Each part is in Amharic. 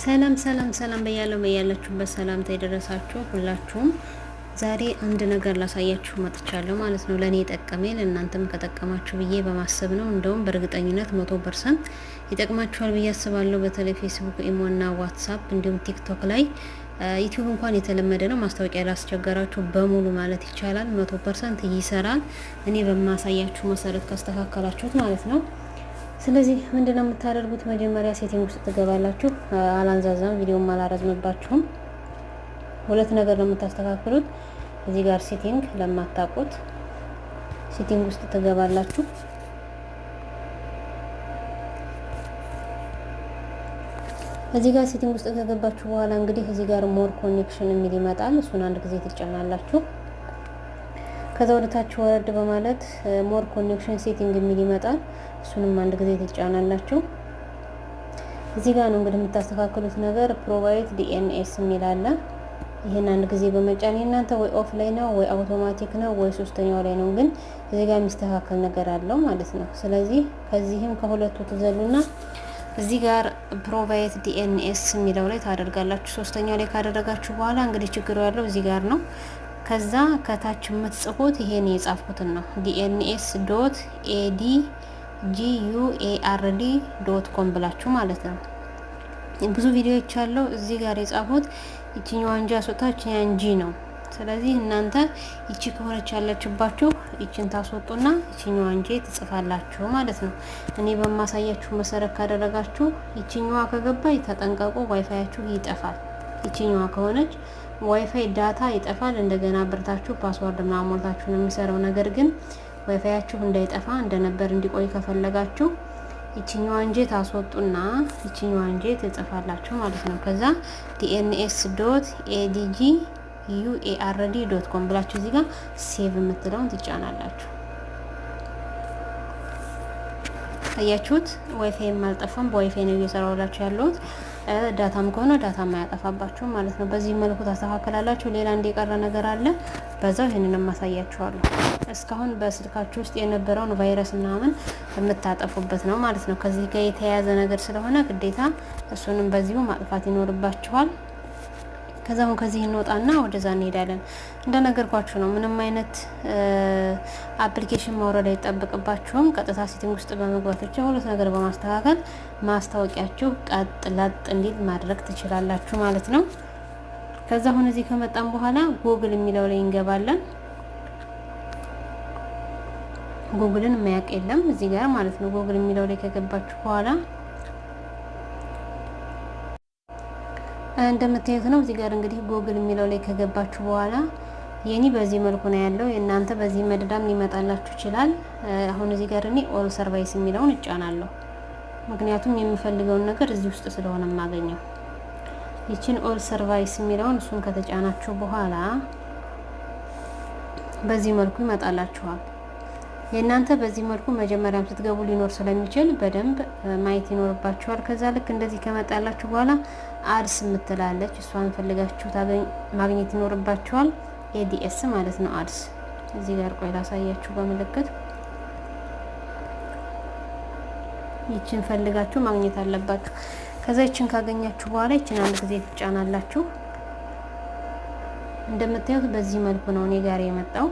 ሰላም ሰላም ሰላም በያለው በያላችሁበት ሰላምታ የደረሳችሁ ሁላችሁም፣ ዛሬ አንድ ነገር ላሳያችሁ መጥቻለሁ ማለት ነው። ለእኔ የጠቀመኝ ለእናንተም ከጠቀማችሁ ብዬ በማሰብ ነው። እንደውም በእርግጠኝነት መቶ ፐርሰንት ይጠቅማችኋል ብዬ አስባለሁ። በተለይ ፌስቡክ፣ ኢሞና ዋትሳፕ እንዲሁም ቲክቶክ ላይ ዩቲዩብ እንኳን የተለመደ ነው። ማስታወቂያ ላስቸገራችሁ በሙሉ ማለት ይቻላል መቶ ፐርሰንት ይሰራል። እኔ በማሳያችሁ መሰረት ካስተካከላችሁት ማለት ነው። ስለዚህ ምንድነው የምታደርጉት? መጀመሪያ ሴቲንግ ውስጥ ትገባላችሁ። አላንዛዛም፣ ቪዲዮም አላረዝምባችሁም። ሁለት ነገር ነው የምታስተካክሉት። እዚህ ጋር ሴቲንግ ለማታውቁት ሴቲንግ ውስጥ ትገባላችሁ። እዚህ ጋር ሴቲንግ ውስጥ ከገባችሁ በኋላ እንግዲህ እዚህ ጋር ሞር ኮኔክሽን የሚል ይመጣል። እሱን አንድ ጊዜ ትጫናላችሁ። ከዛ ወደታችሁ ወረድ በማለት ሞር ኮኔክሽን ሴቲንግ የሚል ይመጣል። እሱንም አንድ ጊዜ ትጫናላችሁ። እዚህ ጋር ነው እንግዲህ የምታስተካክሉት ነገር ፕሮቫይድ ዲኤንኤስ የሚል አለ። ይህን አንድ ጊዜ በመጫን የእናንተ ወይ ኦፍ ላይ ነው ወይ አውቶማቲክ ነው ወይ ሶስተኛው ላይ ነው፣ ግን እዚህ ጋር የሚስተካከል ነገር አለው ማለት ነው። ስለዚህ ከዚህም ከሁለቱ ትዘሉና እዚህ ጋር ፕሮቫይት ዲኤንኤስ የሚለው ላይ ታደርጋላችሁ። ሶስተኛው ላይ ካደረጋችሁ በኋላ እንግዲህ ችግሩ ያለው እዚህ ጋር ነው። ከዛ ከታች የምትጽፉት ይሄን የጻፍኩትን ነው። ዲኤንኤስ ዶት ኤዲ ጂዩኤአርዲ ዶት ኮም ብላችሁ ማለት ነው። ብዙ ቪዲዮዎች ያለው እዚህ ጋር የጻፉት ይችኛዋ ጂ አስወጣ ይችኛ እንጂ ነው። ስለዚህ እናንተ ይቺ ከሆነች ያለችባችሁ ይችን ታስወጡና ይችኛዋ ጂ ትጽፋላችሁ ማለት ነው። እኔ በማሳያችሁ መሰረት ካደረጋችሁ ይችኛዋ ከገባ ተጠንቀቁ፣ ዋይፋያችሁ ይጠፋል። ይችኛዋ ከሆነች ዋይፋይ ዳታ ይጠፋል። እንደገና ብርታችሁ ፓስወርድ ምናምን ሞልታችሁ ነው የሚሰራው። ነገር ግን ዋይፋያችሁ እንዳይጠፋ እንደነበር እንዲቆይ ከፈለጋችሁ ይችኛዋን እንጀት አስወጡና ይችኛዋን እንጀት ትጽፋላችሁ ማለት ነው። ከዛ ዲኤንኤስ ዶት ኤዲጂ ዩኤአርዲ ዶት ኮም ብላችሁ እዚህ ጋር ሴቭ የምትለውን ትጫናላችሁ። አያችሁት? ዋይፋይ አልጠፋም። በዋይፋይ ነው እየሰራሁላችሁ ያለሁት። ዳታም ከሆነ ዳታም አያጠፋባችሁም ማለት ነው። በዚህ መልኩ ታስተካከላላችሁ። ሌላ እንደ የቀረ ነገር አለ፣ በዛው ይህንን ማሳያችኋለሁ። እስካሁን በስልካችሁ ውስጥ የነበረውን ቫይረስ ምናምን የምታጠፉበት ነው ማለት ነው። ከዚህ ጋር የተያያዘ ነገር ስለሆነ ግዴታ እሱንም በዚሁ ማጥፋት ይኖርባችኋል። ከዛ ከዚህ እንወጣና ወደዛ እንሄዳለን። እንደነገርኳችሁ ነው። ምንም አይነት አፕሊኬሽን ማውረድ አይጠበቅባችሁም። ቀጥታ ሴቲንግ ውስጥ በመግባታችሁ ሁለት ነገር በማስተካከል ማስታወቂያችሁ ቀጥ ለጥ እንዲል ማድረግ ትችላላችሁ ማለት ነው። ከዛ አሁን እዚህ ከመጣን በኋላ ጉግል የሚለው ላይ እንገባለን። ጉግልን የማያውቅ የለም እዚህ ጋር ማለት ነው። ጉግል የሚለው ላይ ከገባችሁ በኋላ እንደምታዩት ነው። እዚህ ጋር እንግዲህ ጎግል የሚለው ላይ ከገባችሁ በኋላ የኔ በዚህ መልኩ ነው ያለው። የእናንተ በዚህ መድዳም ሊመጣላችሁ ይችላል። አሁን እዚህ ጋር እኔ ኦል ሰርቫይስ የሚለውን እጫናለሁ። ምክንያቱም የምፈልገውን ነገር እዚህ ውስጥ ስለሆነ የማገኘው ይችን ኦል ሰርቫይስ የሚለውን እሱን ከተጫናችሁ በኋላ በዚህ መልኩ ይመጣላችኋል። የእናንተ በዚህ መልኩ መጀመሪያም ስትገቡ ሊኖር ስለሚችል በደንብ ማየት ይኖርባችኋል። ከዛ ልክ እንደዚህ ከመጣላችሁ በኋላ አድስ የምትላለች እሷን ፈልጋችሁ ማግኘት ይኖርባችኋል። ኤዲኤስ ማለት ነው አድስ። እዚህ ጋር ቆይ ላሳያችሁ በምልክት ይችን ፈልጋችሁ ማግኘት አለባችሁ። ከዛ ይችን ካገኛችሁ በኋላ ይችን አንድ ጊዜ ትጫናላችሁ። እንደምታዩት በዚህ መልኩ ነው እኔ ጋር የመጣው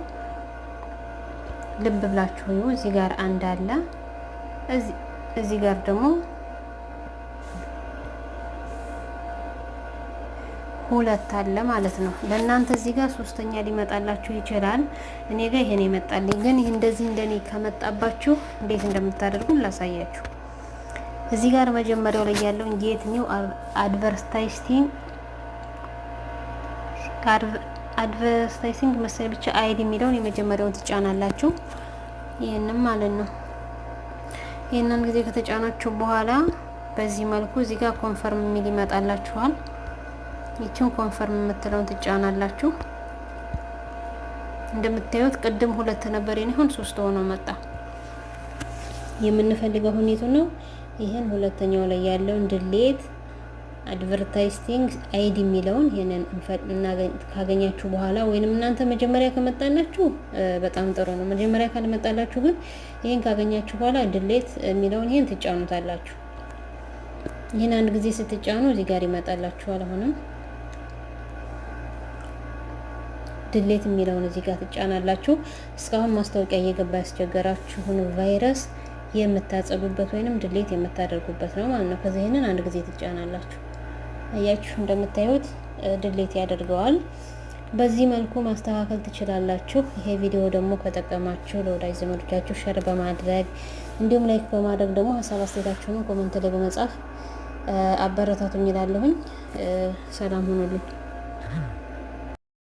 ልብ ብላችሁ ይኸው እዚህ ጋር አንድ አለ። እዚህ ጋር ደግሞ ሁለት አለ ማለት ነው። ለእናንተ እዚህ ጋር ሶስተኛ ሊመጣላችሁ ይችላል። እኔ ጋር ይሄን ይመጣልኝ። ግን ይህ እንደዚህ እንደኔ ከመጣባችሁ እንዴት እንደምታደርጉ ላሳያችሁ። እዚህ ጋር መጀመሪያው ላይ ያለውን የትኛው አድቨርታይስቲንግ አድቨርታይሲንግ መሰል ብቻ አይዲ የሚለውን የመጀመሪያውን ትጫናላችሁ። ይህንም ማለት ነው። ይህንን ጊዜ ከተጫናችሁ በኋላ በዚህ መልኩ እዚህ ጋር ኮንፈርም የሚል ይመጣላችኋል። ይችን ኮንፈርም የምትለውን ትጫናላችሁ። እንደምታዩት ቅድም ሁለት ነበር የኔ አሁን ሶስት ሆኖ መጣ። የምንፈልገው ሁኔቱ ነው። ይህን ሁለተኛው ላይ ያለውን ድሌት አድቨርታይስቲንግ አይዲ የሚለውን ይህንን ካገኛችሁ በኋላ ወይንም እናንተ መጀመሪያ ከመጣላችሁ በጣም ጥሩ ነው። መጀመሪያ ካልመጣላችሁ ግን ይህን ካገኛችሁ በኋላ ድሌት የሚለውን ይህን ትጫኑታላችሁ። ይህን አንድ ጊዜ ስትጫኑ እዚህ ጋር ይመጣላችኋል። አሁንም ድሌት የሚለውን እዚህ ጋር ትጫናላችሁ። እስካሁን ማስታወቂያ እየገባ ያስቸገራችሁን ቫይረስ የምታጸዱበት ወይንም ድሌት የምታደርጉበት ነው ማለት ነው። ከዚህ ይህንን አንድ ጊዜ ትጫናላችሁ። አያችሁ እንደምታዩት ድሌት ያደርገዋል። በዚህ መልኩ ማስተካከል ትችላላችሁ። ይሄ ቪዲዮ ደግሞ ከጠቀማችሁ ለወዳጅ ዘመዶቻችሁ ሸር በማድረግ እንዲሁም ላይክ በማድረግ ደግሞ ሀሳብ አስተያየታችሁን ኮመንት ላይ በመጻፍ አበረታቱኝ እላለሁኝ። ሰላም ሆኖልኝ